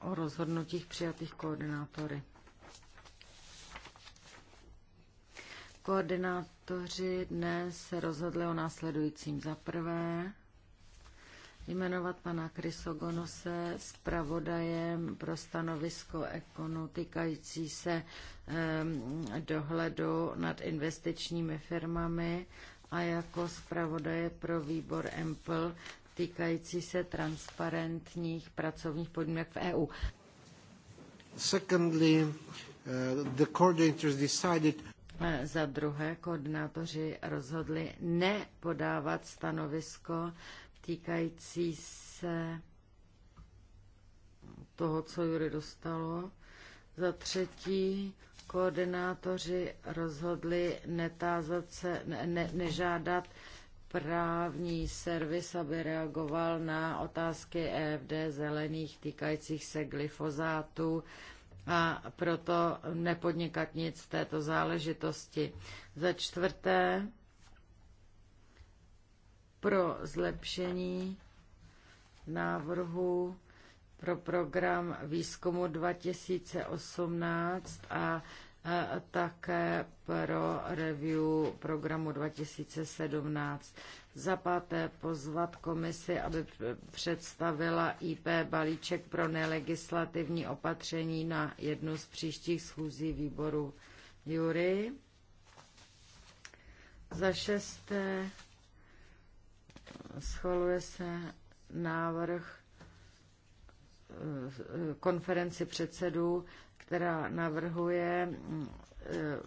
o rozhodnutích přijatých koordinátory. Koordinátoři dnes se rozhodli o následujícím. Za prvé jmenovat pana Krysogonose zpravodajem pro stanovisko ekonu týkající se um, dohledu nad investičními firmami a jako zpravodaje pro výbor EMPL týkající se transparentních pracovních podmínek v EU. Secondly, uh, the coordinators decided za druhé, koordinátoři rozhodli nepodávat stanovisko týkající se toho, co Jury dostalo. Za třetí, koordinátoři rozhodli netázat se, ne, ne, nežádat právní servis, aby reagoval na otázky EFD zelených týkajících se glyfozátu a proto nepodnikat nic v této záležitosti. Za čtvrté, pro zlepšení návrhu pro program výzkumu 2018 a také pro review programu 2017. Za páté pozvat komisi, aby představila IP balíček pro nelegislativní opatření na jednu z příštích schůzí výboru Jury. Za šesté scholuje se návrh eh, konferenci předsedů která navrhuje mm, e, e,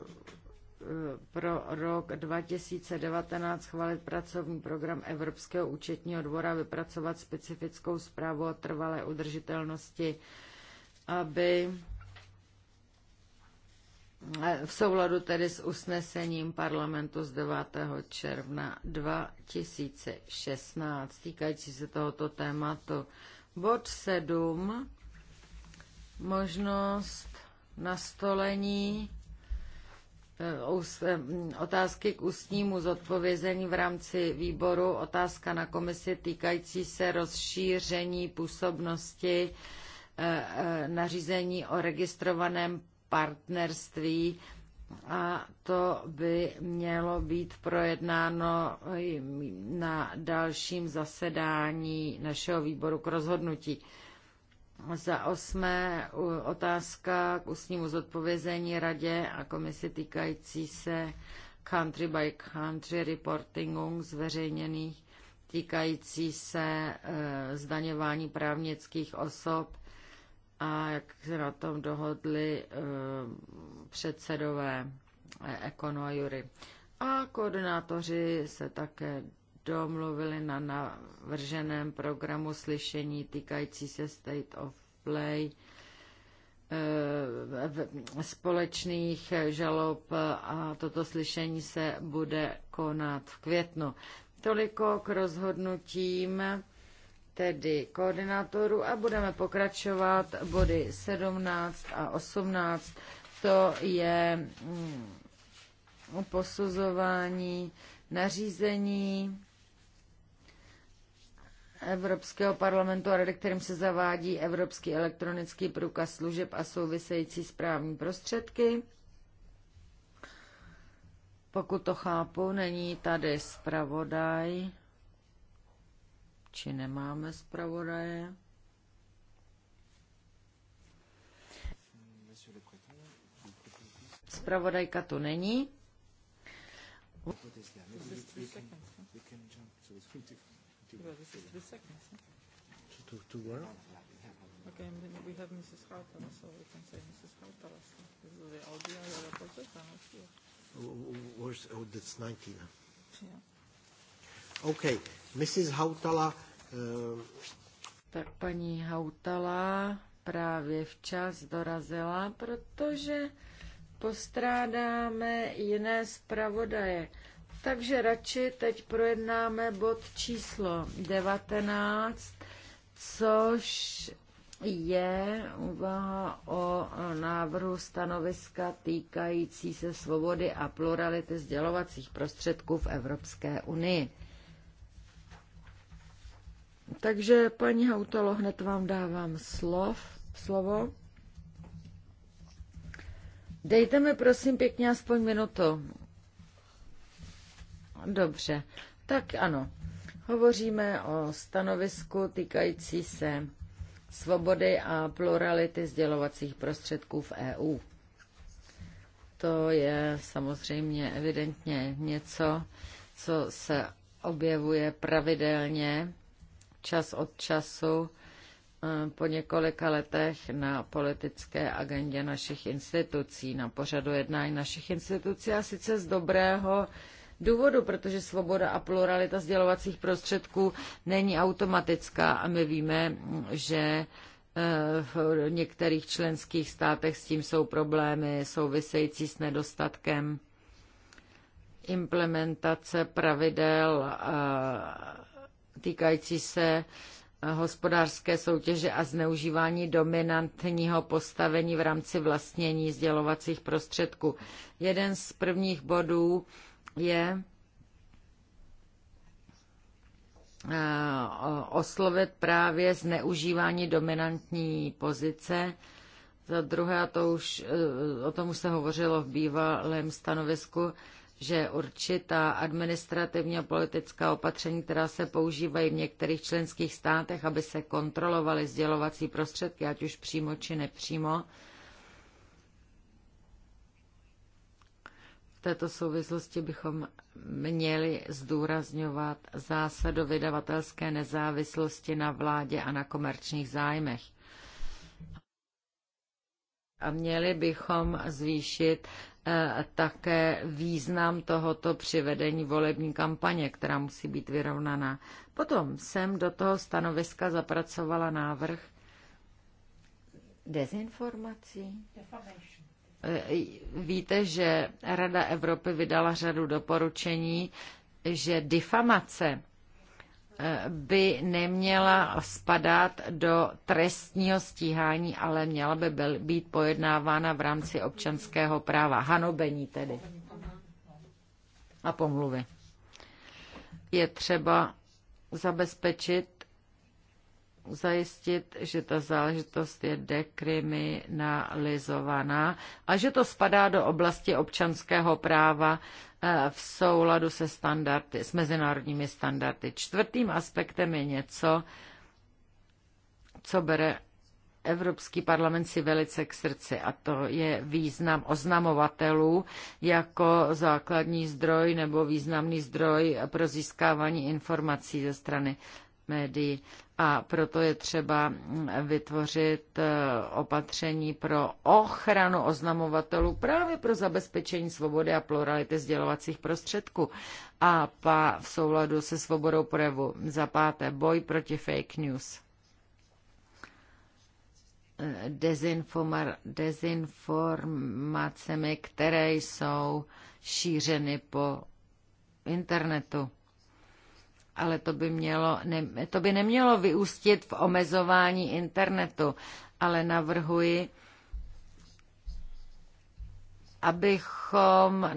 pro rok 2019 schválit pracovní program Evropského účetního dvora, vypracovat specifickou zprávu o trvalé udržitelnosti, aby e, v souladu tedy s usnesením parlamentu z 9. června 2016 týkající se tohoto tématu. Bod 7. Možnost nastolení eh, eh, otázky k ústnímu zodpovězení v rámci výboru, otázka na komisi týkající se rozšíření působnosti eh, nařízení o registrovaném partnerství a to by mělo být projednáno na dalším zasedání našeho výboru k rozhodnutí. Za osmé otázka k ústnímu zodpovězení radě a komisi týkající se country by country reportingu zveřejněných týkající se e, zdaňování právnických osob a jak se na tom dohodli e, předsedové e, Econo a Jury. A koordinátoři se také domluvili na navrženém programu slyšení týkající se State of Play eh, společných žalob a toto slyšení se bude konat v květnu. Toliko k rozhodnutím tedy koordinátorů a budeme pokračovat body 17 a 18. To je mm, posuzování nařízení Evropského parlamentu a rady, kterým se zavádí Evropský elektronický průkaz služeb a související správní prostředky. Pokud to chápu, není tady zpravodaj, či nemáme zpravodaje. Zpravodajka tu není well, this is the second. To, to where? Okay, and then we have Mrs. Hautala, so we can say Mrs. So this is the not oh, oh, oh, Where's, oh, that's 19. Yeah. Okay, Mrs. Hautala. Uh, tak paní Hautala právě včas dorazila, protože postrádáme jiné zpravodaje. Takže radši teď projednáme bod číslo 19, což je uvaha o návrhu stanoviska týkající se svobody a plurality sdělovacích prostředků v Evropské unii. Takže, paní Hautalo, hned vám dávám slov, slovo. Dejte mi prosím pěkně aspoň minutu. Dobře, tak ano. Hovoříme o stanovisku týkající se svobody a plurality sdělovacích prostředků v EU. To je samozřejmě evidentně něco, co se objevuje pravidelně, čas od času, eh, po několika letech na politické agendě našich institucí, na pořadu jednání našich institucí a sice z dobrého důvodu, protože svoboda a pluralita sdělovacích prostředků není automatická a my víme, že eh, v některých členských státech s tím jsou problémy související s nedostatkem implementace pravidel eh, týkající se eh, hospodářské soutěže a zneužívání dominantního postavení v rámci vlastnění sdělovacích prostředků. Jeden z prvních bodů je eh, oslovit právě zneužívání dominantní pozice. Za druhé, a to už, eh, o tom už se hovořilo v bývalém stanovisku, že určitá administrativně politická opatření, která se používají v některých členských státech, aby se kontrolovaly sdělovací prostředky, ať už přímo či nepřímo, této souvislosti bychom měli zdůrazňovat zásadu vydavatelské nezávislosti na vládě a na komerčních zájmech. A měli bychom zvýšit eh, také význam tohoto přivedení volební kampaně, která musí být vyrovnaná. Potom jsem do toho stanoviska zapracovala návrh dezinformací. Defamation. Eh, víte, že Rada Evropy vydala řadu doporučení, že difamace eh, by neměla spadat do trestního stíhání, ale měla by být pojednávána v rámci občanského práva. Hanobení tedy. A pomluvy. Je třeba zabezpečit, zajistit, že ta záležitost je dekriminalizovaná a že to spadá do oblasti občanského práva eh, v souladu se standardy, s mezinárodními standardy. Čtvrtým aspektem je něco, co bere Evropský parlament si velice k srdci a to je význam oznamovatelů jako základní zdroj nebo významný zdroj pro získávání informací ze strany médií. A proto je třeba vytvořit eh, opatření pro ochranu oznamovatelů právě pro zabezpečení svobody a plurality sdělovacích prostředků a pa v souladu se svobodou projevu. Za páté, boj proti fake news. Eh, dezinformacemi, které jsou šířeny po internetu ale to by, mělo, ne, to by nemělo vyústit v omezování internetu, ale navrhuji, abychom,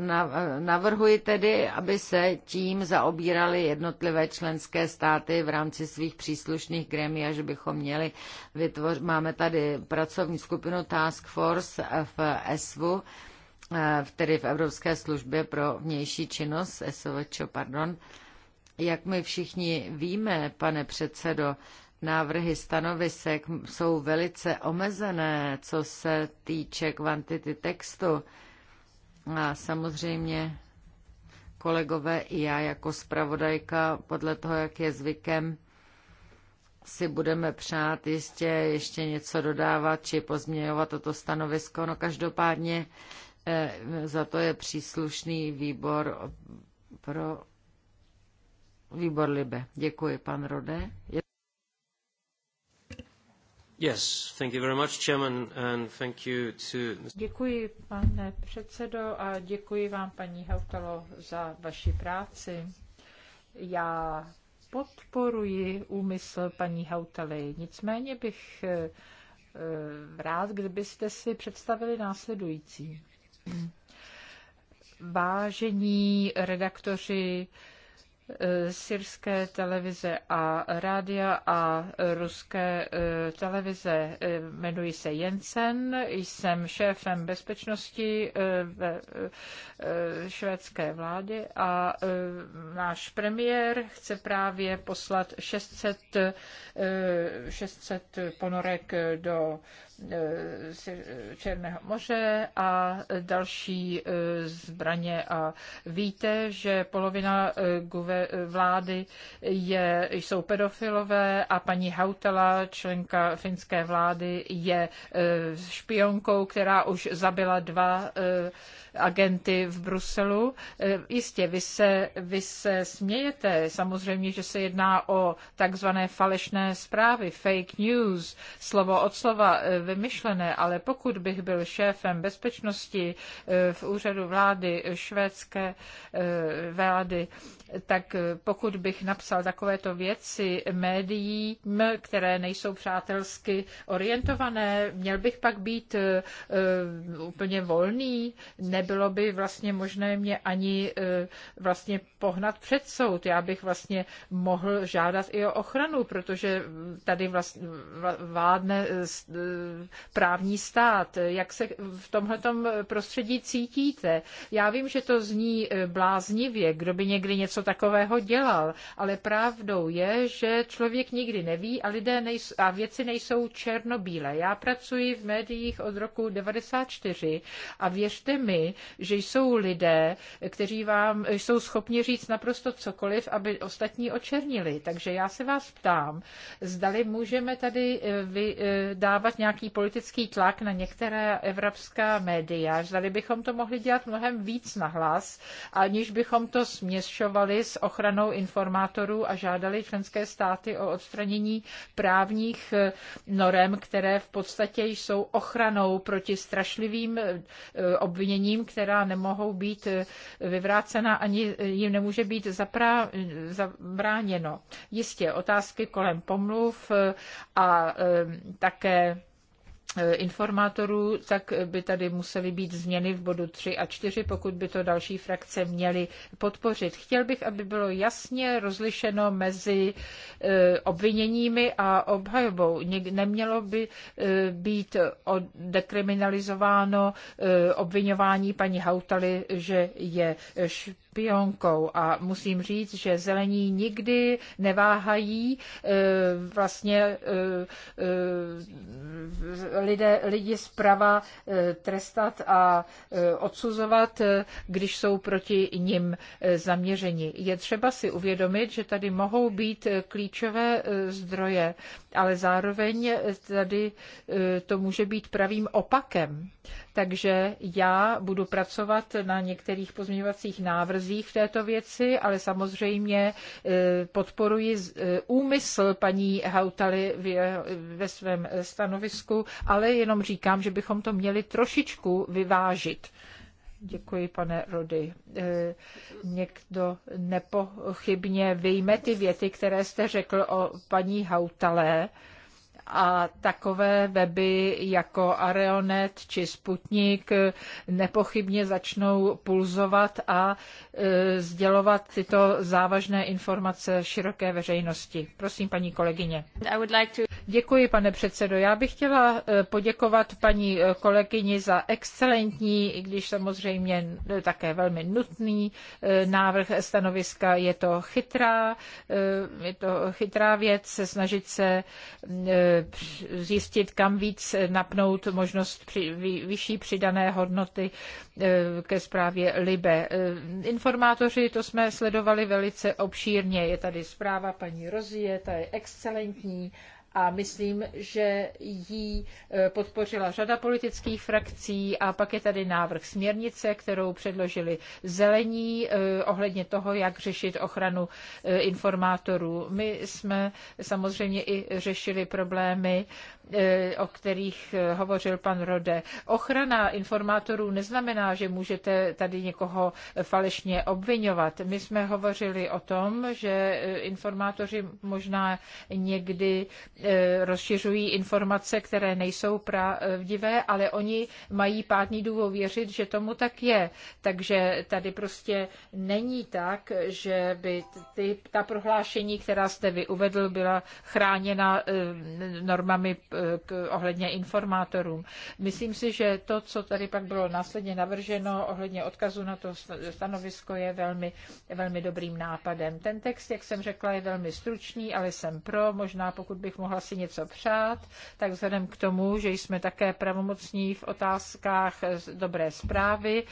navrhuji tedy, aby se tím zaobírali jednotlivé členské státy v rámci svých příslušných gremí a že bychom měli vytvořit, máme tady pracovní skupinu Task Force v ESVu, eh, tedy v Evropské službě pro vnější činnost, SOVČ, pardon, jak my všichni víme, pane předsedo, návrhy stanovisek jsou velice omezené, co se týče kvantity textu. A samozřejmě kolegové i já jako zpravodajka, podle toho, jak je zvykem, si budeme přát jistě ještě něco dodávat či pozměňovat toto stanovisko. No každopádně eh, za to je příslušný výbor pro Výbor Libe. Děkuji, pan Rode. Yes, thank you very much, Chairman, and thank you to... Děkuji, pane předsedo, a děkuji vám, paní Heltalo, za vaši práci. Já podporuji úmysl paní Hautaly, nicméně bych eh, eh, rád, kdybyste si představili následující. Vážení redaktoři, Eh, syrské televize a rádia a ruské eh, televize. Eh, jmenuji se Jensen, jsem šéfem bezpečnosti ve švédské vládě a náš premiér chce právě poslat 600, 600 ponorek do E, e, Černého moře a další e, zbraně. A víte, že polovina vlády je, jsou pedofilové a paní Hautela, členka finské vlády, je špionkou, která už zabila dva agenty v Bruselu. E, jistě, vy se, vy se smějete, samozřejmě, že se jedná o takzvané falešné zprávy, fake news, slovo od slova e, vymyšlené, ale pokud bych byl šéfem bezpečnosti e, v úřadu vlády švédské vlády, tak pokud bych napsal takovéto věci médiím, které nejsou přátelsky orientované, měl bych pak být úplně volný, ne nebylo by vlastně možné mě ani e, vlastně pohnat před soud. Já bych vlastně mohl žádat i o ochranu, protože tady vlastně vládne e, e, právní stát. Jak se v tomhletom prostředí cítíte? Já vím, že to zní bláznivě, kdo by někdy něco takového dělal, ale pravdou je, že člověk nikdy neví a lidé nejsou, a věci nejsou černobílé. Já pracuji v médiích od roku 94 a věřte mi, že jsou lidé, kteří vám jsou schopni říct naprosto cokoliv, aby ostatní očernili. Takže já se vás ptám, zdali můžeme tady eh, eh, dávat nějaký politický tlak na některé evropská média, zdali bychom to mohli dělat mnohem víc na hlas, aniž bychom to směšovali s ochranou informátorů a žádali členské státy o odstranění právních eh, norem, které v podstatě jsou ochranou proti strašlivým obviněním, která nemohou být eh, vyvrácena ani eh, jim nemůže být zaprá, eh, zabráněno. Jistě otázky kolem pomluv a také Eh, informátorů, tak by tady musely být změny v bodu 3 a 4, pokud by to další frakce měly podpořit. Chtěl bych, aby bylo jasně rozlišeno mezi eh, obviněními a obhajobou. Nemělo by eh, být dekriminalizováno obvinování paní Hautaly, že je špatná špionkou a musím říct, že zelení nikdy neváhají e, vlastně e, e, lidé, lidi zprava trestat a odsuzovat, když jsou proti nim zaměřeni. Je třeba si uvědomit, že tady mohou být klíčové zdroje, ale zároveň tady to může být pravým opakem. Takže já budu pracovat na některých pozměňovacích návrzích v této věci, ale samozřejmě e, podporuji e, úmysl paní Hautaly ve svém stanovisku, ale jenom říkám, že bychom to měli trošičku vyvážit. Děkuji, pane Rody. E, někdo nepochybně vyjme ty věty, které jste řekl o paní Hautalé a takové weby jako Areonet či Sputnik nepochybně začnou pulzovat a e, sdělovat tyto závažné informace široké veřejnosti. Prosím, paní kolegyně. Děkuji, pane předsedo. Já bych chtěla e, poděkovat paní e, kolegyni za excelentní, i když samozřejmě také velmi nutný návrh stanoviska. Je to chytrá, je to chytrá věc snažit se zjistit, kam víc napnout možnost při, vyšší přidané hodnoty eh, ke zprávě Libe. Eh, informátoři, to jsme sledovali velice obšírně. Je tady zpráva paní Rozie, ta je excelentní a myslím, že ji e, podpořila řada politických frakcí a pak je tady návrh směrnice, kterou předložili zelení e, ohledně toho, jak řešit ochranu e, informátorů. My jsme samozřejmě i řešili problémy, o kterých hovořil pan Rode. Ochrana informátorů neznamená, že můžete tady někoho falešně obvinovat. My jsme hovořili o tom, že informátoři možná někdy E, rozšiřují informace, které nejsou pravdivé, ale oni mají pádný důvod věřit, že tomu tak je. Takže tady prostě není tak, že by ty, ta prohlášení, která jste vy uvedl, byla chráněna e, normami e, k, ohledně informátorům. Myslím si, že to, co tady pak bylo následně navrženo ohledně odkazu na to stanovisko, je velmi, velmi dobrým nápadem. Ten text, jak jsem řekla, je velmi stručný, ale jsem pro. Možná pokud bych mohl mohla si něco přát, tak vzhledem k tomu, že jsme také pravomocní v otázkách dobré zprávy,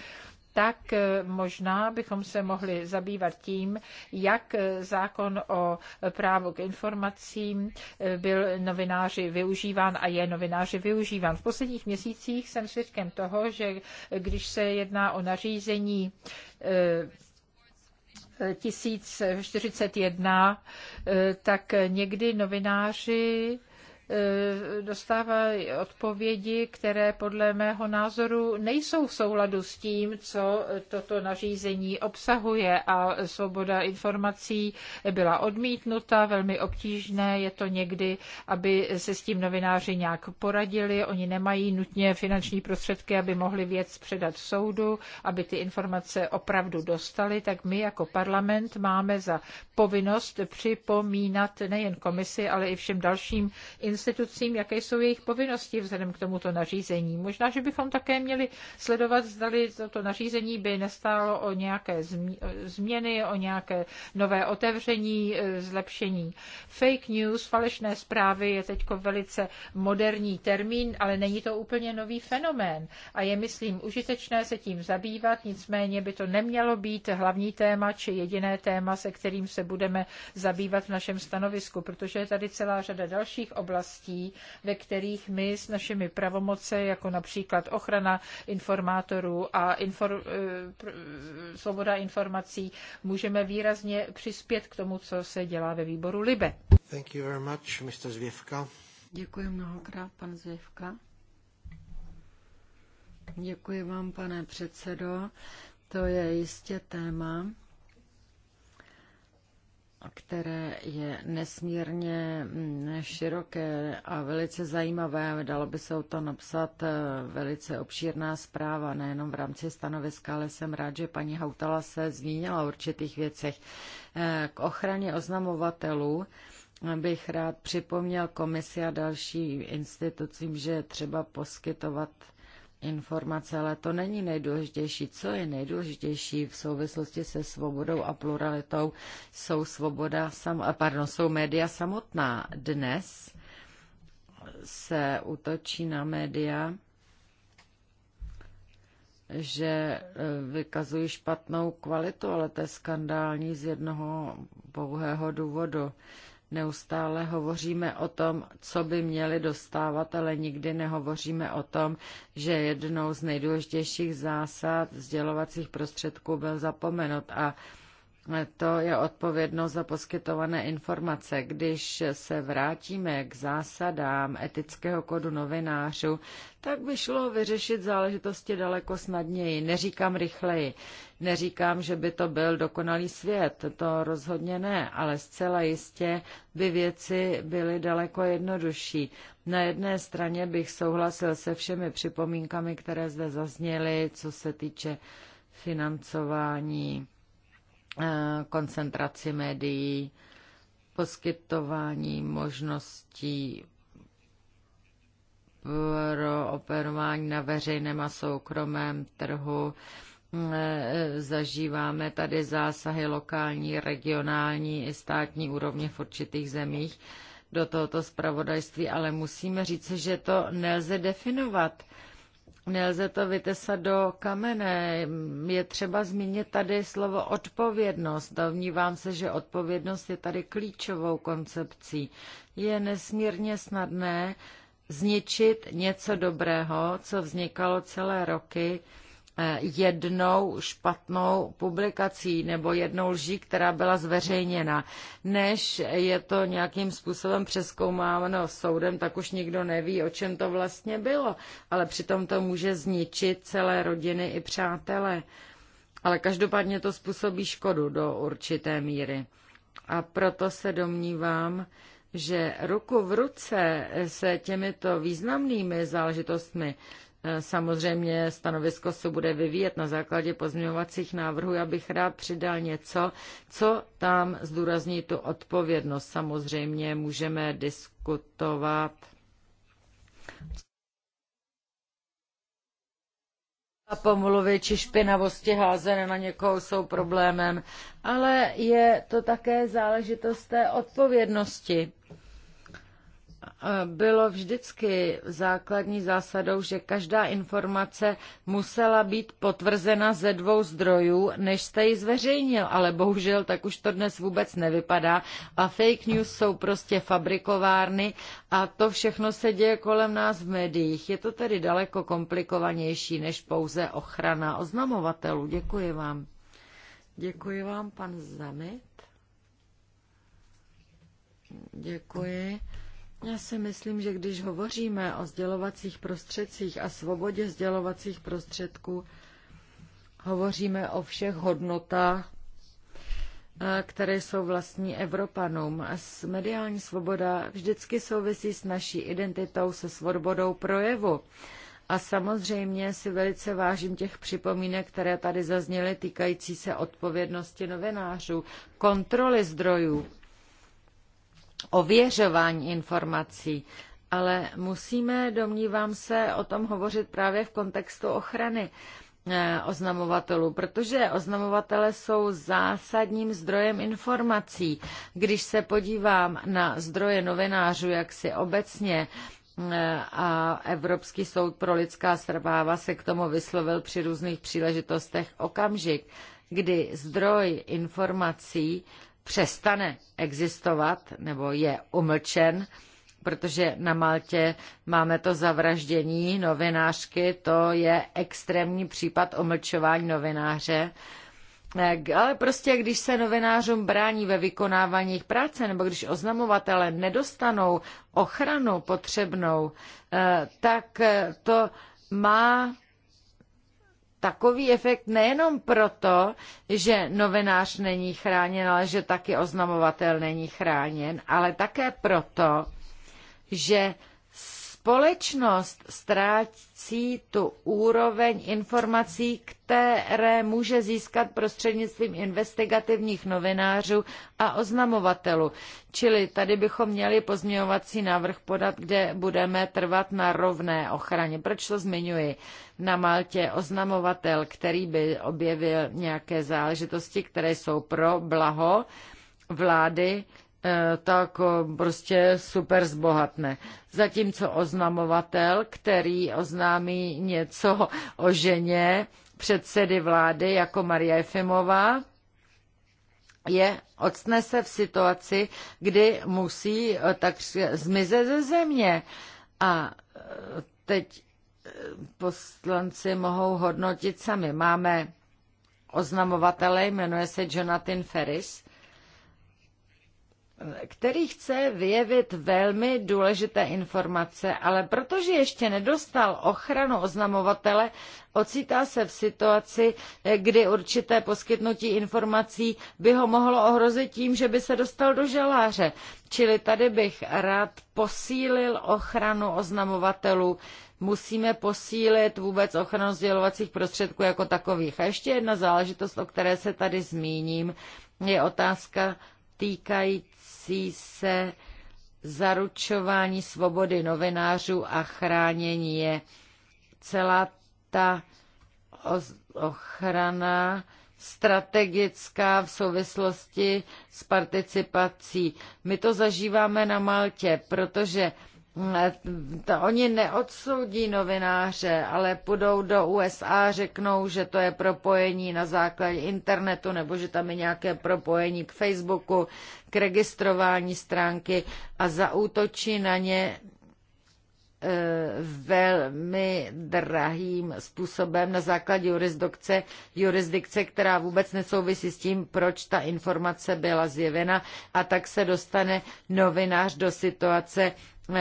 tak eh, možná bychom se mohli zabývat tím, jak eh, zákon o právu k informacím eh, byl novináři využíván a je novináři využíván. V posledních měsících jsem svědkem toho, že když se jedná o nařízení 1041, eh, tak někdy novináři Eh, dostává odpovědi, které podle mého názoru nejsou v souladu s tím, co toto nařízení obsahuje a svoboda informací byla odmítnuta, velmi obtížné je to někdy, aby se s tím novináři nějak poradili, oni nemají nutně finanční prostředky, aby mohli věc předat soudu, aby ty informace opravdu dostali, tak my jako parlament máme za povinnost připomínat nejen komisi, ale i všem dalším institucím, institucím, jaké jsou jejich povinnosti vzhledem k tomuto nařízení. Možná, že bychom také měli sledovat, zdali toto nařízení by nestálo o nějaké změny, o nějaké nové otevření, e, zlepšení. Fake news, falešné zprávy je teď velice moderní termín, ale není to úplně nový fenomén a je, myslím, užitečné se tím zabývat, nicméně by to nemělo být hlavní téma či jediné téma, se kterým se budeme zabývat v našem stanovisku, protože je tady celá řada dalších oblastí, oblastí, ve kterých my s našimi pravomoce, jako například ochrana informátorů a infor, eh, eh, svoboda informací, můžeme výrazně přispět k tomu, co se dělá ve výboru LIBE. Thank you very much, Mr. Zvěvka. Děkuji mnohokrát, pan Zvěvka. Děkuji vám, pane předsedo. To je jistě téma, které je nesmírně mm, široké a velice zajímavé. Dalo by se o to napsat eh, velice obšírná zpráva, nejenom v rámci stanoviska, ale jsem rád, že paní Hautala se zmínila o určitých věcech. Eh, k ochraně oznamovatelů bych rád připomněl komisi a dalším institucím, že třeba poskytovat informace, ale to není nejdůležitější. Co je nejdůležitější v souvislosti se svobodou a pluralitou, jsou, svoboda sam, pardon, jsou média samotná. Dnes se utočí na média, že eh, vykazují špatnou kvalitu, ale to je skandální z jednoho pouhého důvodu. Neustále hovoříme o tom, co by měli dostávat, ale nikdy nehovoříme o tom, že jednou z nejdůležitějších zásad vzdělovacích prostředků byl zapomenut a to je odpovědnost za poskytované informace. Když se vrátíme k zásadám etického kodu novinářů, tak by šlo vyřešit záležitosti daleko snadněji. Neříkám rychleji, neříkám, že by to byl dokonalý svět, to rozhodně ne, ale zcela jistě by věci byly daleko jednodušší. Na jedné straně bych souhlasil se všemi připomínkami, které zde zazněly, co se týče financování Eh, koncentraci médií, poskytování možností pro operování na veřejném a soukromém trhu. Eh, zažíváme tady zásahy lokální, regionální i státní úrovně v určitých zemích do tohoto spravodajství, ale musíme říct, že to nelze definovat Nelze to vytesat do kamene. Je třeba zmínit tady slovo odpovědnost. Domnívám se, že odpovědnost je tady klíčovou koncepcí. Je nesmírně snadné zničit něco dobrého, co vznikalo celé roky, Eh, jednou špatnou publikací nebo jednou lží, která byla zveřejněna. Než je to nějakým způsobem přeskoumáno soudem, tak už nikdo neví, o čem to vlastně bylo. Ale přitom to může zničit celé rodiny i přátelé. Ale každopádně to způsobí škodu do určité míry. A proto se domnívám, že ruku v ruce se těmito významnými záležitostmi Samozřejmě stanovisko se bude vyvíjet na základě pozměňovacích návrhů. Já bych rád přidal něco, co tam zdůrazní tu odpovědnost. Samozřejmě můžeme diskutovat. A pomluvy či špinavosti házené na někoho jsou problémem, ale je to také záležitost té odpovědnosti bylo vždycky základní zásadou, že každá informace musela být potvrzena ze dvou zdrojů, než jste ji zveřejnil, ale bohužel tak už to dnes vůbec nevypadá a fake news jsou prostě fabrikovárny a to všechno se děje kolem nás v médiích. Je to tedy daleko komplikovanější než pouze ochrana oznamovatelů. Děkuji vám. Děkuji vám, pan Zamit. Děkuji. Já si myslím, že když hovoříme o sdělovacích prostředcích a svobodě sdělovacích prostředků, hovoříme o všech hodnotách, eh, které jsou vlastní Evropanům. Mediální svoboda vždycky souvisí s naší identitou, se svobodou projevu. A samozřejmě si velice vážím těch připomínek, které tady zazněly týkající se odpovědnosti novinářů, kontroly zdrojů ověřování informací, ale musíme, domnívám se, o tom hovořit právě v kontextu ochrany eh, oznamovatelů, protože oznamovatele jsou zásadním zdrojem informací. Když se podívám na zdroje novinářů, jak si obecně eh, a Evropský soud pro lidská práva se k tomu vyslovil při různých příležitostech okamžik, kdy zdroj informací přestane existovat nebo je umlčen, protože na Maltě máme to zavraždění novinářky, to je extrémní případ omlčování novináře. Ale prostě, když se novinářům brání ve vykonávání jejich práce, nebo když oznamovatele nedostanou ochranu potřebnou, eh, tak eh, to má takový efekt nejenom proto, že novinář není chráněn, ale že taky oznamovatel není chráněn, ale také proto, že Společnost ztrácí tu úroveň informací, které může získat prostřednictvím investigativních novinářů a oznamovatelů. Čili tady bychom měli pozměňovací návrh podat, kde budeme trvat na rovné ochraně. Proč to zmiňuji? Na Maltě oznamovatel, který by objevil nějaké záležitosti, které jsou pro blaho vlády, Eh, tak eh, prostě super zbohatne. Zatímco oznamovatel, který oznámí něco o ženě předsedy vlády jako Maria Efimová, je, ocne se v situaci, kdy musí eh, tak zmizet ze země. A teď poslanci mohou hodnotit sami. Máme oznamovatele, jmenuje se Jonathan Ferris, který chce vyjevit velmi důležité informace, ale protože ještě nedostal ochranu oznamovatele, ocitá se v situaci, kdy určité poskytnutí informací by ho mohlo ohrozit tím, že by se dostal do žaláře. Čili tady bych rád posílil ochranu oznamovatelů, musíme posílit vůbec ochranu sdělovacích prostředků jako takových. A ještě jedna záležitost, o které se tady zmíním, je otázka týkající týkající se zaručování svobody novinářů a chránění je. Celá ta ochrana strategická v souvislosti s participací. My to zažíváme na Maltě, protože to oni neodsoudí novináře, ale půjdou do USA, řeknou, že to je propojení na základě internetu nebo že tam je nějaké propojení k Facebooku, k registrování stránky a zaútočí na ně e, velmi drahým způsobem na základě jurisdikce, jurisdikce, která vůbec nesouvisí s tím, proč ta informace byla zjevena a tak se dostane novinář do situace,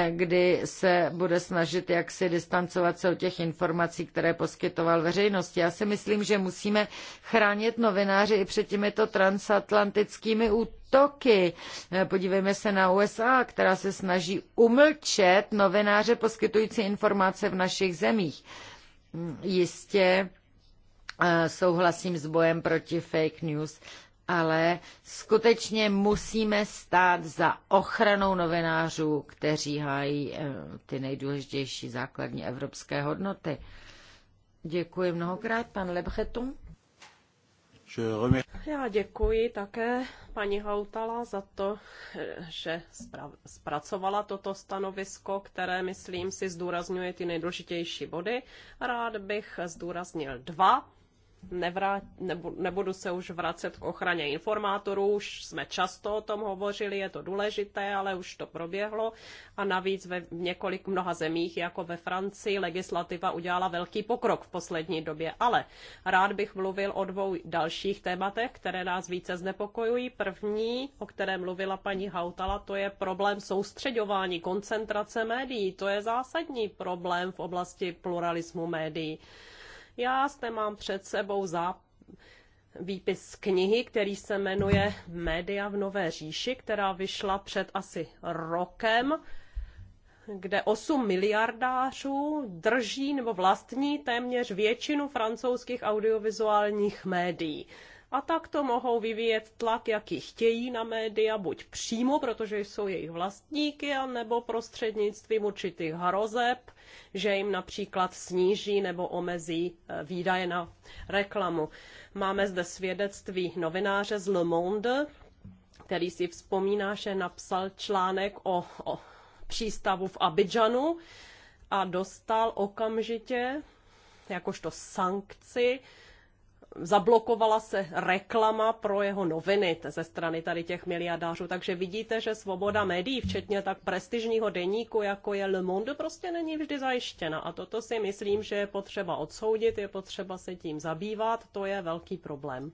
kdy se bude snažit jak si distancovat se od těch informací, které poskytoval veřejnosti. Já si myslím, že musíme chránit novináři i před těmito transatlantickými útoky. Podívejme se na USA, která se snaží umlčet novináře poskytující informace v našich zemích. Jistě eh, souhlasím s bojem proti fake news, ale skutečně musíme stát za ochranou novinářů, kteří hájí eh, ty nejdůležitější základní evropské hodnoty. Děkuji mnohokrát, pan Lebchetum. Já děkuji také paní Hautala za to, že zpracovala toto stanovisko, které, myslím si, zdůrazňuje ty nejdůležitější body. Rád bych zdůraznil dva nevrát, nebu, nebudu se už vracet k ochraně informátorů, už jsme často o tom hovořili, je to důležité, ale už to proběhlo a navíc ve několik mnoha zemích, jako ve Francii, legislativa udělala velký pokrok v poslední době. Ale rád bych mluvil o dvou dalších tématech, které nás více znepokojují. První, o kterém mluvila paní Hautala, to je problém soustředování, koncentrace médií. To je zásadní problém v oblasti pluralismu médií. Já zde mám před sebou záp- výpis knihy, který se jmenuje Média v Nové říši, která vyšla před asi rokem, kde 8 miliardářů drží nebo vlastní téměř většinu francouzských audiovizuálních médií. A tak to mohou vyvíjet tlak, jaký chtějí na média, buď přímo, protože jsou jejich vlastníky, nebo prostřednictvím určitých hrozeb, že jim například sníží nebo omezí e, výdaje na reklamu. Máme zde svědectví novináře z Le Monde, který si vzpomíná, že napsal článek o, o přístavu v Abidžanu a dostal okamžitě jakožto sankci zablokovala se reklama pro jeho noviny ze strany tady těch miliardářů. Takže vidíte, že svoboda médií, včetně tak prestižního deníku, jako je Le Monde, prostě není vždy zajištěna. A toto si myslím, že je potřeba odsoudit, je potřeba se tím zabývat, to je velký problém.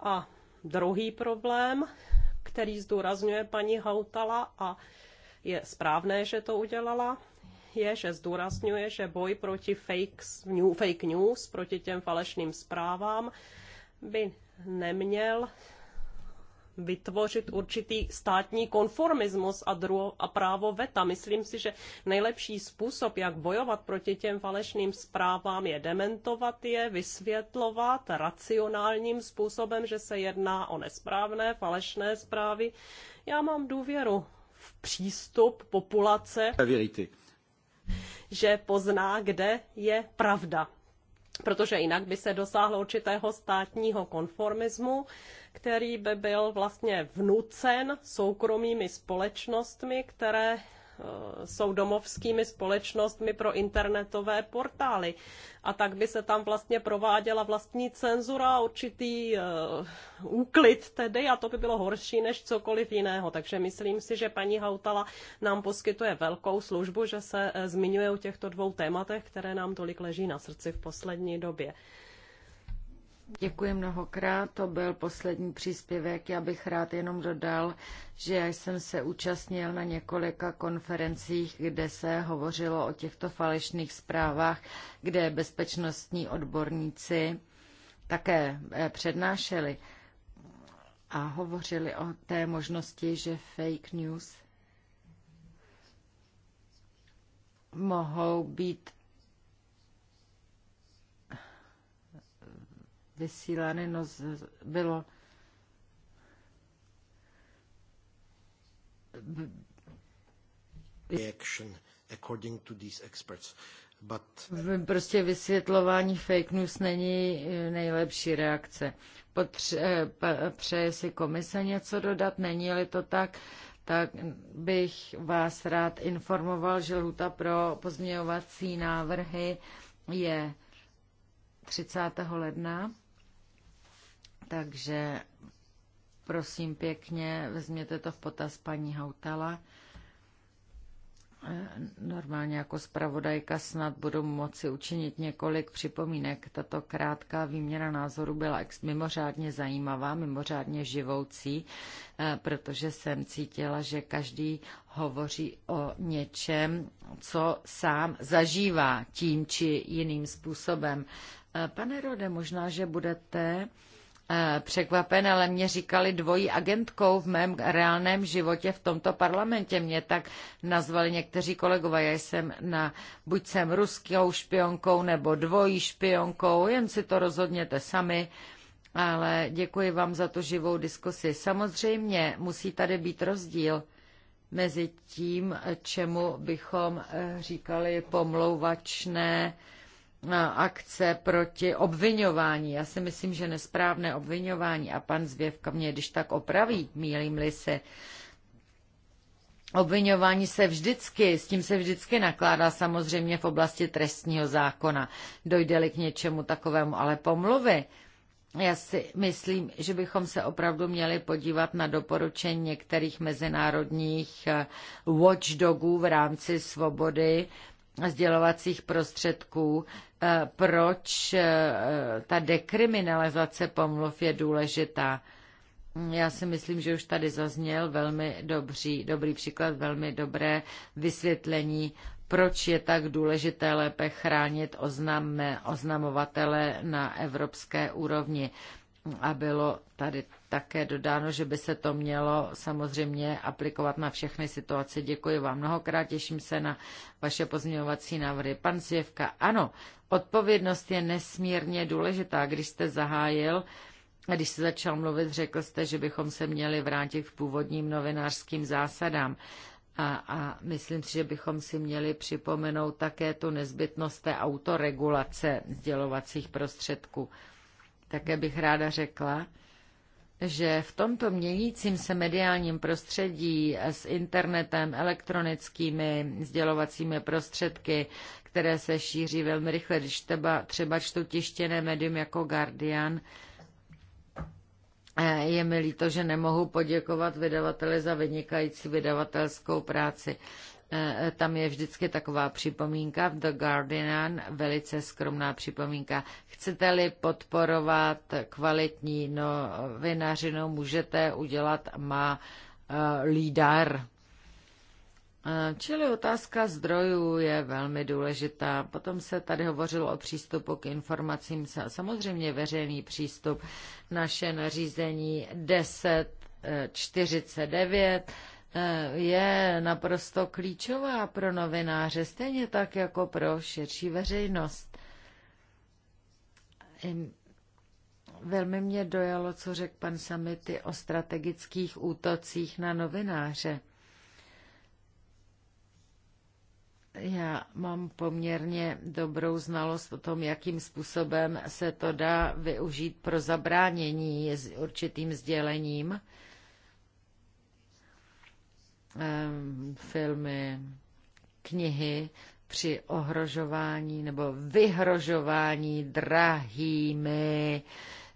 A druhý problém, který zdůrazňuje paní Hautala a je správné, že to udělala, je, že zdůrazňuje, že boj proti fake news, proti těm falešným zprávám, by neměl vytvořit určitý státní konformismus a, druho, a právo veta. Myslím si, že nejlepší způsob, jak bojovat proti těm falešným zprávám, je dementovat je, vysvětlovat racionálním způsobem, že se jedná o nesprávné, falešné zprávy. Já mám důvěru v přístup populace že pozná, kde je pravda. Protože jinak by se dosáhlo určitého státního konformismu, který by byl vlastně vnucen soukromými společnostmi, které Eh, jsou domovskými společnostmi pro internetové portály. A tak by se tam vlastně prováděla vlastní cenzura, určitý uh, úklid tedy a to by bylo horší než cokoliv jiného. Takže myslím si, že paní Hautala nám poskytuje velkou službu, že se eh, zmiňuje o těchto dvou tématech, které nám tolik leží na srdci v poslední době. Děkuji mnohokrát, to byl poslední příspěvek. Já bych rád jenom dodal, že já jsem se účastnil na několika konferencích, kde se hovořilo o těchto falešných zprávách, kde bezpečnostní odborníci také eh, přednášeli a hovořili o té možnosti, že fake news mohou být vysílány, no bylo reaction according to these experts. But... Prostě vysvětlování fake news není eh, nejlepší reakce. Potře- eh, přeje si komise něco dodat, není-li to tak, tak bych vás rád informoval, že lhuta pro pozměňovací návrhy je 30. ledna takže prosím pěkně, vezměte to v potaz paní Hautala. Normálně jako zpravodajka snad budu moci učinit několik připomínek. Tato krátká výměna názoru byla ex- mimořádně zajímavá, mimořádně živoucí, eh, protože jsem cítila, že každý hovoří o něčem, co sám zažívá tím či jiným způsobem. Eh, Pane Rode, možná, že budete Eh, překvapen, ale mě říkali dvojí agentkou v mém reálném životě v tomto parlamentě. Mě tak nazvali někteří kolegové. Já jsem na, buď jsem ruskou špionkou nebo dvojí špionkou, jen si to rozhodněte sami. Ale děkuji vám za tu živou diskusi. Samozřejmě musí tady být rozdíl mezi tím, čemu bychom eh, říkali pomlouvačné Eh, akce proti obvinování. Já si myslím, že nesprávné obvinování a pan Zvěvka mě když tak opraví, mílím-li se, Obvinování se vždycky, s tím se vždycky nakládá samozřejmě v oblasti trestního zákona. Dojde-li k něčemu takovému, ale pomluvy. Já si myslím, že bychom se opravdu měli podívat na doporučení některých mezinárodních eh, watchdogů v rámci svobody sdělovacích prostředků, eh, proč eh, ta dekriminalizace pomluv je důležitá. Já si myslím, že už tady zazněl velmi dobrý, dobrý příklad, velmi dobré vysvětlení, proč je tak důležité lépe chránit oznamovatele na evropské úrovni. A bylo tady také dodáno, že by se to mělo samozřejmě aplikovat na všechny situace. Děkuji vám mnohokrát, těším se na vaše pozměňovací návrhy. Pan Sjevka, ano, odpovědnost je nesmírně důležitá. Když jste zahájil, když jste začal mluvit, řekl jste, že bychom se měli vrátit k původním novinářským zásadám. A, a myslím si, že bychom si měli připomenout také tu nezbytnost té autoregulace sdělovacích prostředků. Také bych ráda řekla, že v tomto měnícím se mediálním prostředí s internetem, elektronickými sdělovacími prostředky, které se šíří velmi rychle, když třeba, třeba čtu tištěné médium jako Guardian, eh, je mi líto, že nemohu poděkovat vydavateli za vynikající vydavatelskou práci. Eh, tam je vždycky taková připomínka v The Guardian, velice skromná připomínka. Chcete-li podporovat kvalitní novinařinu, můžete udělat má eh, lídar. Eh, čili otázka zdrojů je velmi důležitá. Potom se tady hovořilo o přístupu k informacím. Samozřejmě veřejný přístup, naše nařízení 1049 je naprosto klíčová pro novináře, stejně tak jako pro širší veřejnost. Velmi mě dojalo, co řekl pan Samity o strategických útocích na novináře. Já mám poměrně dobrou znalost o tom, jakým způsobem se to dá využít pro zabránění s určitým sdělením Ehm, filmy, knihy při ohrožování nebo vyhrožování drahými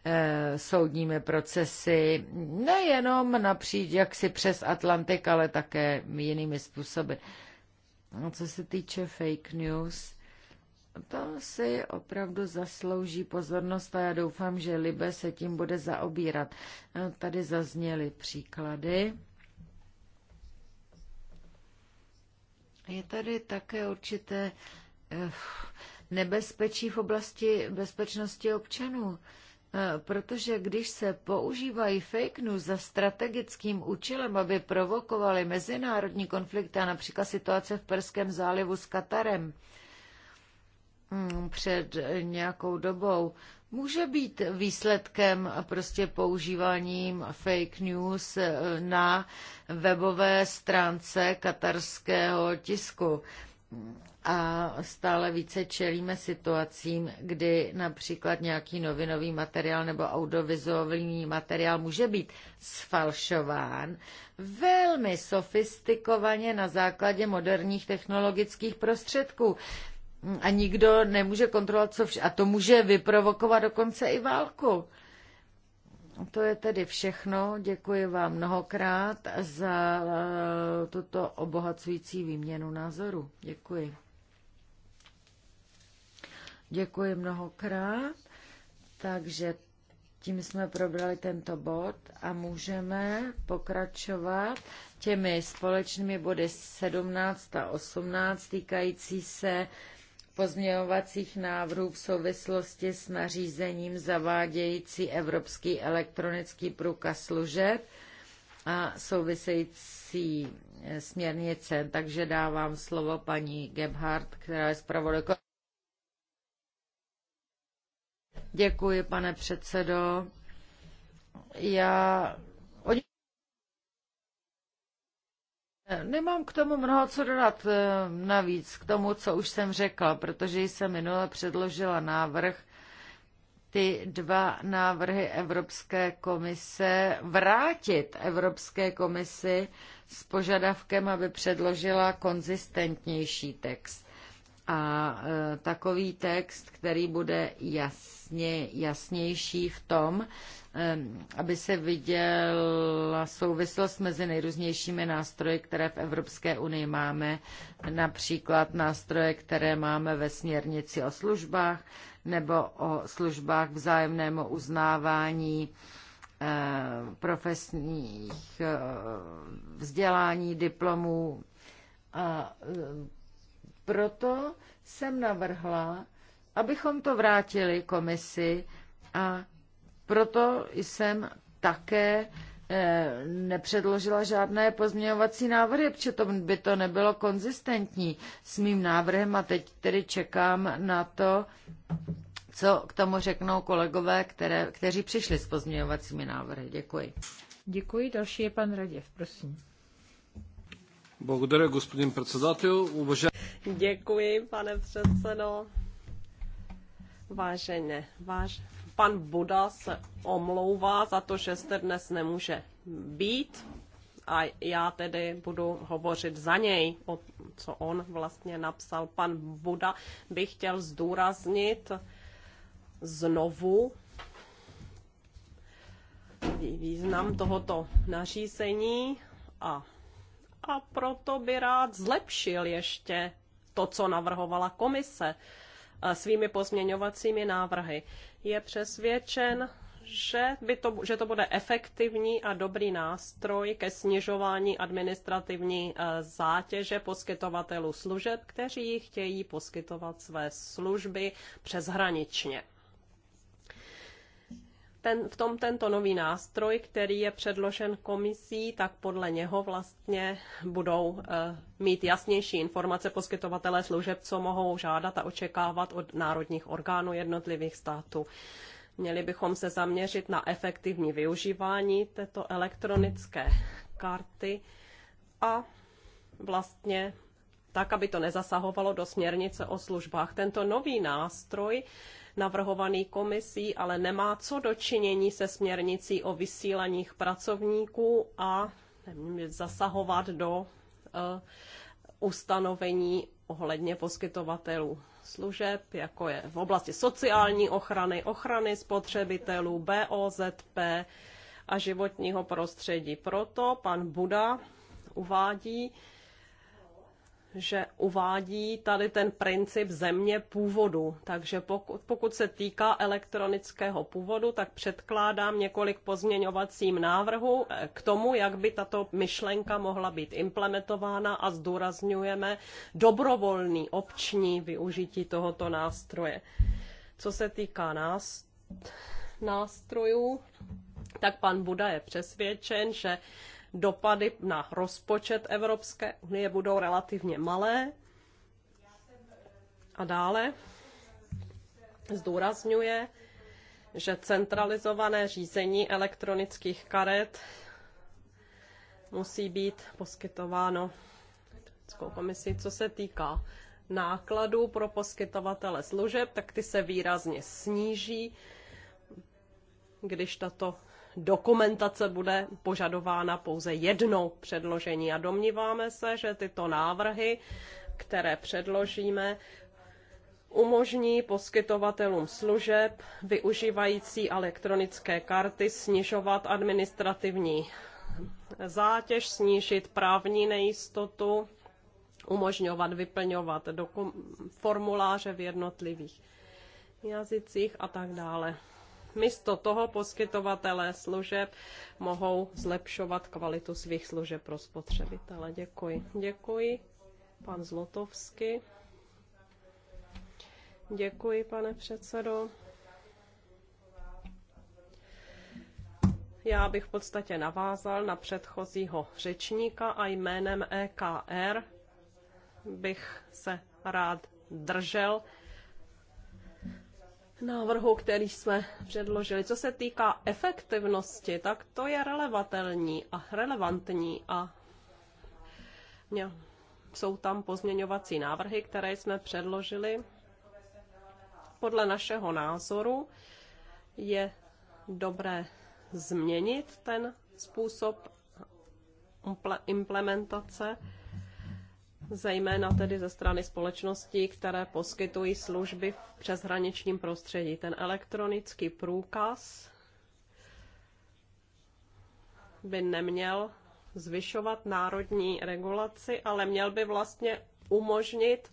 eh, soudními procesy, nejenom napříč jaksi přes Atlantik, ale také jinými způsoby. A co se týče fake news, to si opravdu zaslouží pozornost a já doufám, že Libe se tím bude zaobírat. Tady zazněly příklady Je tady také určité eh, nebezpečí v oblasti bezpečnosti občanů, eh, protože když se používají fake news za strategickým účelem, aby provokovali mezinárodní konflikty a například situace v Perském zálivu s Katarem mm, před nějakou dobou, může být výsledkem prostě používáním fake news na webové stránce katarského tisku. A stále více čelíme situacím, kdy například nějaký novinový materiál nebo audiovizuální materiál může být sfalšován velmi sofistikovaně na základě moderních technologických prostředků a nikdo nemůže kontrolovat, co vše. A to může vyprovokovat dokonce i válku. To je tedy všechno. Děkuji vám mnohokrát za eh, tuto obohacující výměnu názoru. Děkuji. Děkuji mnohokrát. Takže tím jsme probrali tento bod a můžeme pokračovat těmi společnými body 17 a 18 týkající se pozměňovacích návrhů v souvislosti s nařízením zavádějící Evropský elektronický průkaz služeb a související eh, směrnice. Takže dávám slovo paní Gebhardt, která je zpravodajka. Děkuji, pane předsedo. Já Nemám k tomu mnoho co dodat eh, navíc k tomu, co už jsem řekla, protože jsem minule předložila návrh, ty dva návrhy Evropské komise vrátit Evropské komisi s požadavkem, aby předložila konzistentnější text a e, takový text, který bude jasně, jasnější v tom, e, aby se viděla souvislost mezi nejrůznějšími nástroji, které v Evropské unii máme, například nástroje, které máme ve směrnici o službách nebo o službách vzájemnému uznávání e, profesních vzdělání, diplomů a proto jsem navrhla, abychom to vrátili komisi a proto jsem také eh, nepředložila žádné pozměňovací návrhy, protože to by to nebylo konzistentní s mým návrhem a teď tedy čekám na to, co k tomu řeknou kolegové, které, kteří přišli s pozměňovacími návrhy. Děkuji. Děkuji. Další je pan Raděv, prosím. Благодаря, господин председател. Уважа... Děkuji, pane předsedo. Vážené, váž... pan Buda se omlouvá za to, že zde dnes nemůže být a já tedy budu hovořit za něj, o co on vlastně napsal. Pan Buda by chtěl zdůraznit znovu význam tohoto nařízení a a proto by rád zlepšil ještě to, co navrhovala komise eh, svými pozměňovacími návrhy. Je přesvědčen, že, by to, že to bude efektivní a dobrý nástroj ke snižování administrativní eh, zátěže poskytovatelů služeb, kteří chtějí poskytovat své služby přeshraničně ten, v tom tento nový nástroj, který je předložen komisí, tak podle něho vlastně budou uh, mít jasnější informace poskytovatelé služeb, co mohou žádat a očekávat od národních orgánů jednotlivých států. Měli bychom se zaměřit na efektivní využívání této elektronické karty a vlastně tak, aby to nezasahovalo do směrnice o službách. Tento nový nástroj uh, navrhovaný komisí, ale nemá co dočinění se směrnicí o vysílaních pracovníků a zasahovat do eh, ustanovení ohledně poskytovatelů služeb, jako je v oblasti sociální ochrany, ochrany spotřebitelů, BOZP a životního prostředí. Proto pan Buda uvádí, že uvádí tady ten princip země původu. Takže pokud, pokud se týká elektronického původu, tak předkládám několik pozměňovacím návrhů k tomu, jak by tato myšlenka mohla být implementována a zdůrazňujeme dobrovolný obční využití tohoto nástroje. Co se týká nás, nástrojů, tak pan Buda je přesvědčen, že dopady na rozpočet Evropské unie budou relativně malé. A dále zdůrazňuje, že centralizované řízení elektronických karet musí být poskytováno komisí. Co se týká nákladů pro poskytovatele služeb, tak ty se výrazně sníží, když tato dokumentace bude požadována pouze jedno předložení. A domníváme se, že tyto návrhy, které předložíme, umožní poskytovatelům služeb využívající elektronické karty snižovat administrativní zátěž, snížit právní nejistotu, umožňovat vyplňovat formuláře v jednotlivých jazycích a tak dále. Místo toho poskytovatelé služeb mohou zlepšovat kvalitu svých služeb pro spotřebitele. Děkuji. Děkuji, pan Zlotovský. Děkuji, pane předsedo. Já bych v podstatě navázal na předchozího řečníka a jménem EKR bych se rád držel návrhu, který jsme předložili. Co se týká efektivnosti, tak to je relevatelní a relevantní a mě, jsou tam pozměňovací návrhy, které jsme předložili. Podle našeho názoru je dobré změnit ten způsob implementace zejména tedy ze strany společností, které poskytují služby v přeshraničním prostředí. Ten elektronický průkaz by neměl zvyšovat národní regulaci, ale měl by vlastně umožnit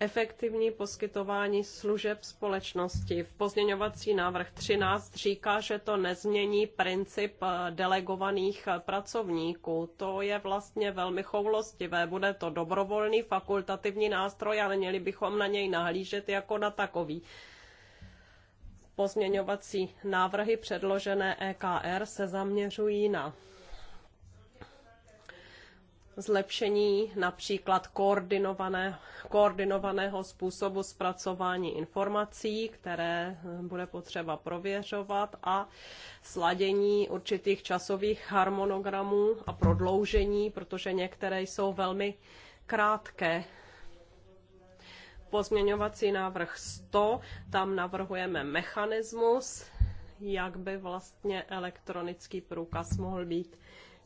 efektivní poskytování služeb společnosti. V pozměňovací návrh 13 říká, že to nezmění princip eh, delegovaných eh, pracovníků. To je vlastně velmi choulostivé. Bude to dobrovolný fakultativní nástroj ale měli bychom na něj nahlížet jako na takový. Pozměňovací návrhy předložené EKR se zaměřují na zlepšení například koordinované, koordinovaného způsobu zpracování informací, které eh, bude potřeba prověřovat a sladění určitých časových harmonogramů a prodloužení, protože některé jsou velmi krátké. Pozměňovací návrh 100, tam navrhujeme mechanismus, jak by vlastně elektronický průkaz mohl být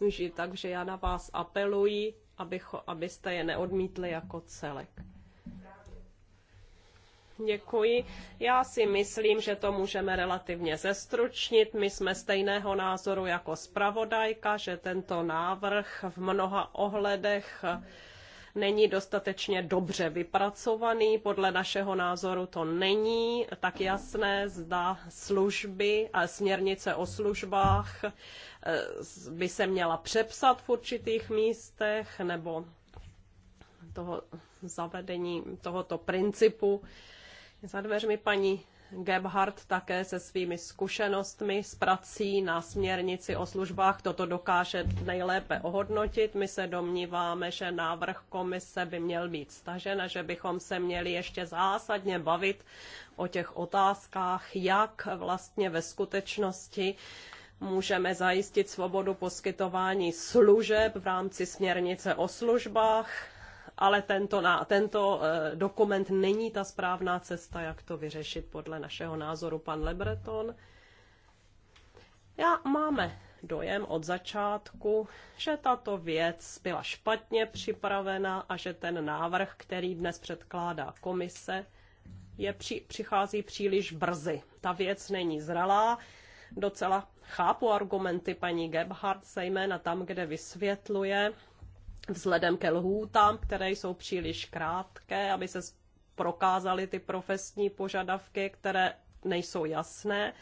muži, takže já na vás apeluji, abych, abyste je neodmítli jako celek. Děkuji. Já si myslím, že to můžeme relativně zestručnit. My jsme stejného názoru jako zpravodajka, že tento návrh v mnoha ohledech mm není dostatečně dobře vypracovaný. Podle našeho názoru to není tak jasné, zda služby a směrnice o službách eh, by se měla přepsat v určitých místech nebo toho zavedení tohoto principu. Za dveřmi paní Gebhardt také se svými zkušenostmi s prací na směrnici o službách toto dokáže nejlépe ohodnotit. My se domníváme, že návrh komise by měl být stažen a že bychom se měli ještě zásadně bavit o těch otázkách, jak vlastně ve skutečnosti můžeme zajistit svobodu poskytování služeb v rámci směrnice o službách, ale tento, na, tento eh, dokument není ta správná cesta, jak to vyřešit podle našeho názoru pan Lebreton. Já máme dojem od začátku, že tato věc byla špatně připravena a že ten návrh, který dnes předkládá komise, je při, přichází příliš brzy. Ta věc není zralá. Docela chápu argumenty paní Gebhardt, zejména tam, kde vysvětluje, vzhledem ke lhůtám, které jsou příliš krátké, aby se prokázaly ty profesní požadavky, které nejsou jasné,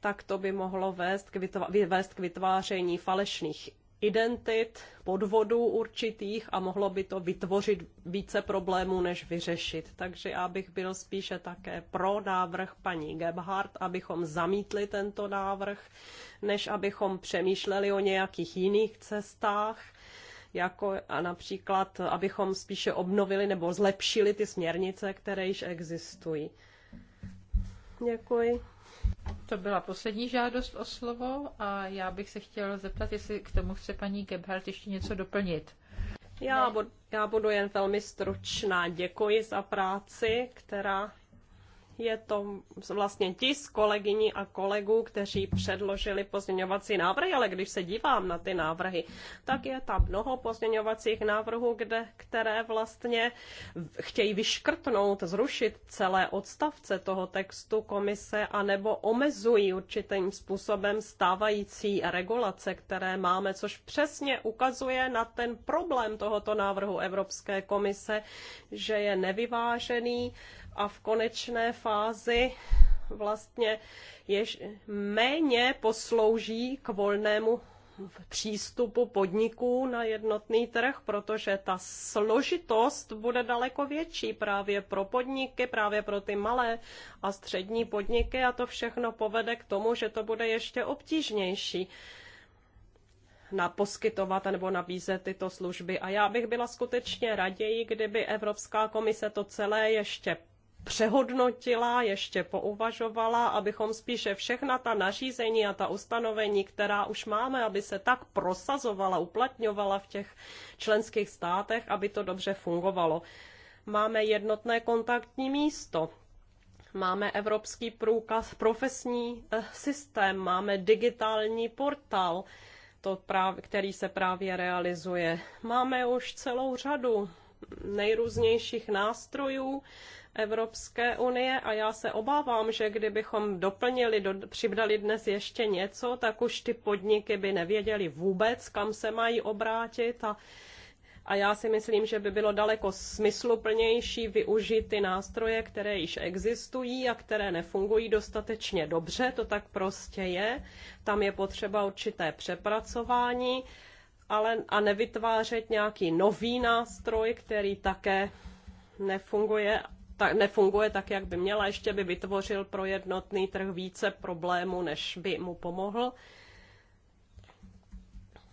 tak to by mohlo vést k, vytvá- vést k vytváření falešných identit, podvodů určitých a mohlo by to vytvořit více problémů, než vyřešit. Takže já bych byl spíše také pro návrh paní Gebhardt, abychom zamítli tento návrh, než abychom přemýšleli o nějakých jiných cestách jako a například, abychom spíše obnovili nebo zlepšili ty směrnice, které již existují. Děkuji. To byla poslední žádost o slovo a já bych se chtěla zeptat, jestli k tomu chce paní Gebhardt ještě něco doplnit. Já, budu, já budu jen velmi stručná. Děkuji za práci, která je to vlastně ti z kolegyní a kolegů, kteří předložili pozměňovací návrhy, ale když se dívám na ty návrhy, tak je tam mnoho pozměňovacích návrhů, kde, které vlastně chtějí vyškrtnout, zrušit celé odstavce toho textu komise a nebo omezují určitým způsobem stávající regulace, které máme, což přesně ukazuje na ten problém tohoto návrhu Evropské komise, že je nevyvážený, a v konečné fázi vlastně jež méně poslouží k volnému přístupu podniků na jednotný trh, protože ta složitost bude daleko větší právě pro podniky, právě pro ty malé a střední podniky a to všechno povede k tomu, že to bude ještě obtížnější na poskytovat nebo nabízet tyto služby. A já bych byla skutečně raději, kdyby Evropská komise to celé ještě přehodnotila, ještě pouvažovala, abychom spíše všechna ta nařízení a ta ustanovení, která už máme, aby se tak prosazovala, uplatňovala v těch členských státech, aby to dobře fungovalo. Máme jednotné kontaktní místo, máme evropský průkaz, profesní eh, systém, máme digitální portál, to právě, který se právě realizuje. Máme už celou řadu nejrůznějších nástrojů, Evropské unie a já se obávám, že kdybychom doplnili, do, přibdali dnes ještě něco, tak už ty podniky by nevěděly vůbec, kam se mají obrátit a a já si myslím, že by bylo daleko smysluplnější využít ty nástroje, které již existují a které nefungují dostatečně dobře, to tak prostě je. Tam je potřeba určité přepracování ale, a nevytvářet nějaký nový nástroj, který také nefunguje tak nefunguje tak, jak by měla, ještě by vytvořil pro jednotný trh více problémů, než by mu pomohl.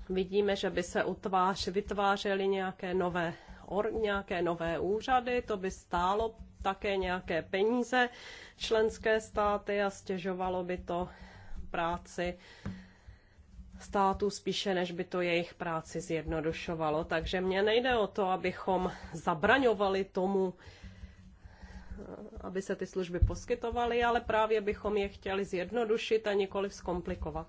Vidíme, že by se utvář, vytvářely nějaké nové, or, nějaké nové úřady, to by stálo také nějaké peníze členské státy a stěžovalo by to práci států spíše, než by to jejich práci zjednodušovalo. Takže mně nejde o to, abychom zabraňovali tomu, aby se ty služby poskytovaly, ale právě bychom je chtěli zjednodušit a nikoli zkomplikovat.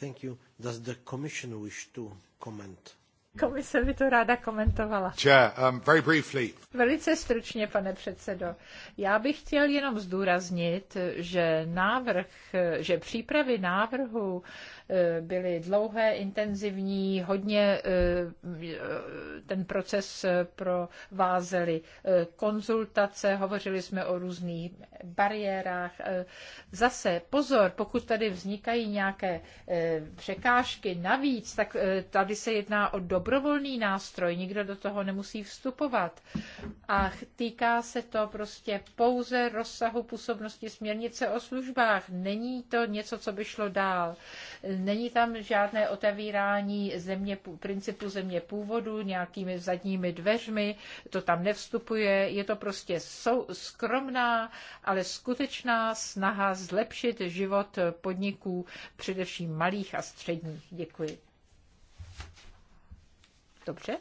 Thank you. Does the commission wish to comment? Komise by to ráda komentovala. Chair, um, very briefly. Velice stručně, pane předsedo. Já bych chtěl jenom zdůraznit, že návrh, že přípravy návrhu eh, byly dlouhé, intenzivní, hodně eh, ten proces eh, provázely konzultace, hovořili jsme o různých bariérách. Zase pozor, pokud tady vznikají nějaké překážky navíc, tak tady se jedná o do dobrovolný nástroj, nikdo do toho nemusí vstupovat. A týká se to prostě pouze rozsahu působnosti směrnice o službách. Není to něco, co by šlo dál. Není tam žádné otevírání země, principu země původu nějakými zadními dveřmi, to tam nevstupuje. Je to prostě sou, skromná, ale skutečná snaha zlepšit život podniků, především malých a středních. Děkuji. Dobře?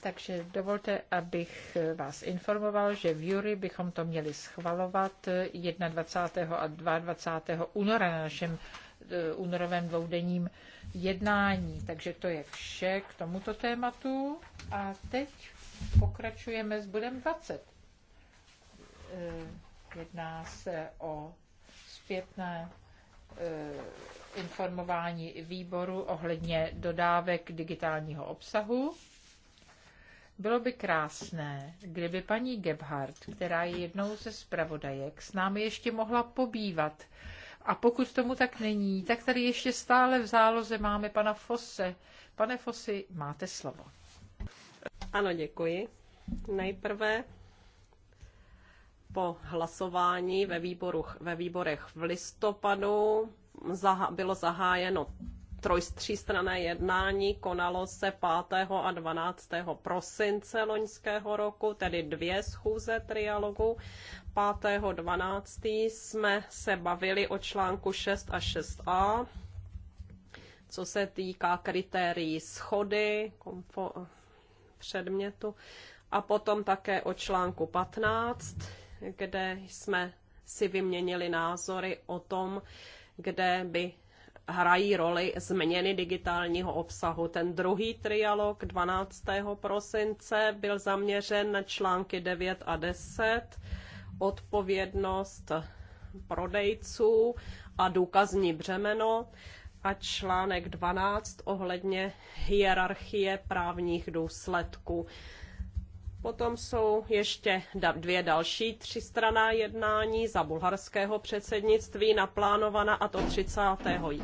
Takže dovolte, abych vás informoval, že v Jury bychom to měli schvalovat 21. a 22. února na našem eh, únorovém dvoudenním jednání. Takže to je vše k tomuto tématu. A teď pokračujeme s bodem 20. Eh, Jedná se o zpětné Eh, informování výboru ohledně dodávek digitálního obsahu. Bylo by krásné, kdyby paní Gebhardt, která je jednou ze zpravodajek, s námi ještě mohla pobývat. A pokud tomu tak není, tak tady ještě stále v záloze máme pana Fosse. Pane Fosse, máte slovo. Ano, děkuji. Nejprve po hlasování ve, výboru, ve výborech v listopadu zaha, bylo zahájeno trojstřístrané jednání konalo se 5. a 12. prosince loňského roku, tedy dvě schůze trialogu. 5. 12. jsme se bavili o článku 6 a 6a, co se týká kritérií schody, komfo, předmětu, a potom také o článku 15, kde jsme si vyměnili názory o tom, kde by hrají roli změny digitálního obsahu. Ten druhý trialog 12. prosince byl zaměřen na články 9 a 10, odpovědnost prodejců a důkazní břemeno a článek 12 ohledně hierarchie právních důsledků. Potom jsou ještě dvě další třístraná jednání za bulharského předsednictví naplánovaná a to 30.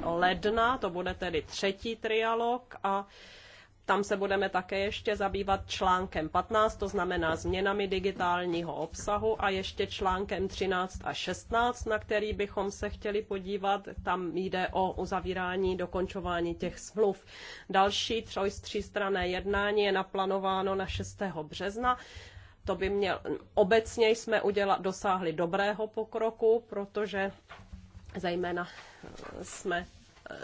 ledna, to bude tedy třetí trialog a tam se budeme také ještě zabývat článkem 15, to znamená změnami digitálního obsahu a ještě článkem 13 a 16, na který bychom se chtěli podívat. Tam jde o uzavírání, dokončování těch smluv. Další troj strané jednání je naplánováno na 6. března to by měl, obecně jsme uděla, dosáhli dobrého pokroku, protože zejména eh, jsme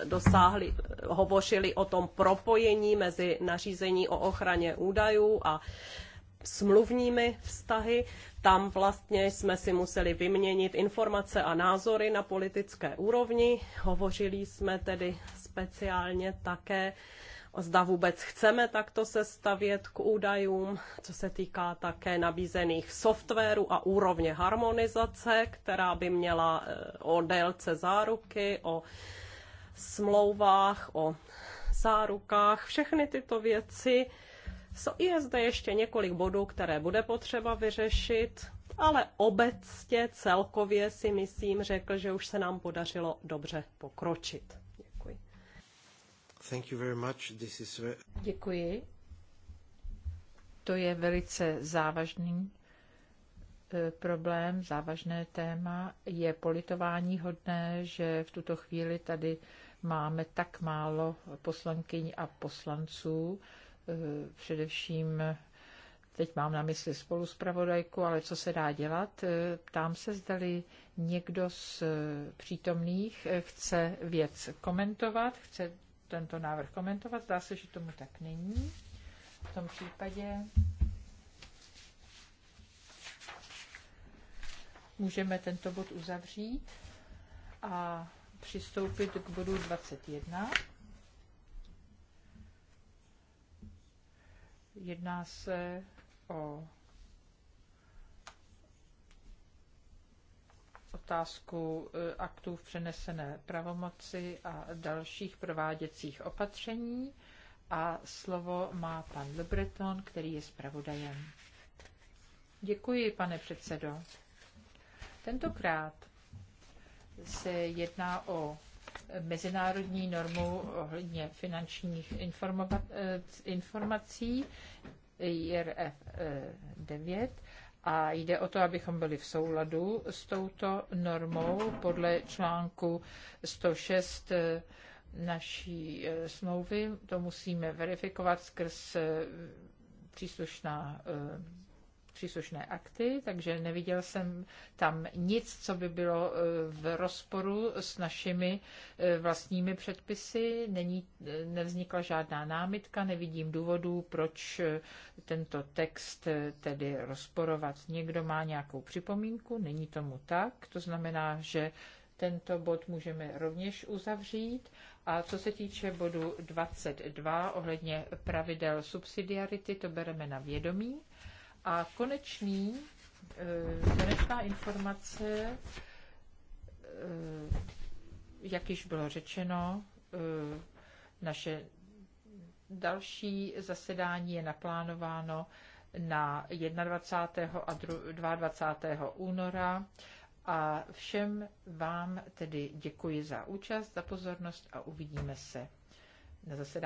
dosáhli, hovořili o tom propojení mezi nařízení o ochraně údajů a smluvními vztahy. Tam vlastně jsme si museli vyměnit informace a názory na politické úrovni. Hovořili jsme tedy speciálně také zda vůbec chceme takto se stavět k údajům, co se týká také nabízených softwarů a úrovně harmonizace, která by měla eh, o délce záruky, o smlouvách, o zárukách, všechny tyto věci. Je zde ještě několik bodů, které bude potřeba vyřešit, ale obecně celkově si myslím, řekl, že už se nám podařilo dobře pokročit. Děkuji. Thank you very much. This is... Děkuji. To je velice závažný e, problém, závažné téma. Je politování hodné, že v tuto chvíli tady máme tak málo poslankyň a poslanců, eh, především teď mám na mysli spolu zpravodajku, ale co se dá dělat? Eh, ptám se, zdali někdo z eh, přítomných chce věc komentovat, chce tento návrh komentovat. Zdá se, že tomu tak není. V tom případě můžeme tento bod uzavřít a přistoupit k bodu 21. Jedná se o otázku e, aktů v přenesené pravomoci a dalších prováděcích opatření a slovo má pan Lebreton, který je zpravodajem. Děkuji, pane předsedo. Tentokrát se jedná o mezinárodní normu ohledně finančních eh, informací IRF 9 eh, a jde o to, abychom byli v souladu s touto normou podle článku 106 eh, naší smlouvy. To musíme verifikovat skrz příslušná příslušné akty, takže neviděl jsem tam nic, co by bylo e, v rozporu s našimi e, vlastními předpisy. Není, e, nevznikla žádná námitka, nevidím důvodů, proč tento text tedy rozporovat. Někdo má nějakou připomínku, není tomu tak, to znamená, že tento bod můžeme rovněž uzavřít. A co se týče bodu 22 ohledně pravidel subsidiarity, to bereme na vědomí. A konečný, konečná eh, informace, eh, jak již bylo řečeno, eh, naše další zasedání je naplánováno na 21. a 22. února. A všem vám tedy děkuji za účast, za pozornost a uvidíme se na zasedání.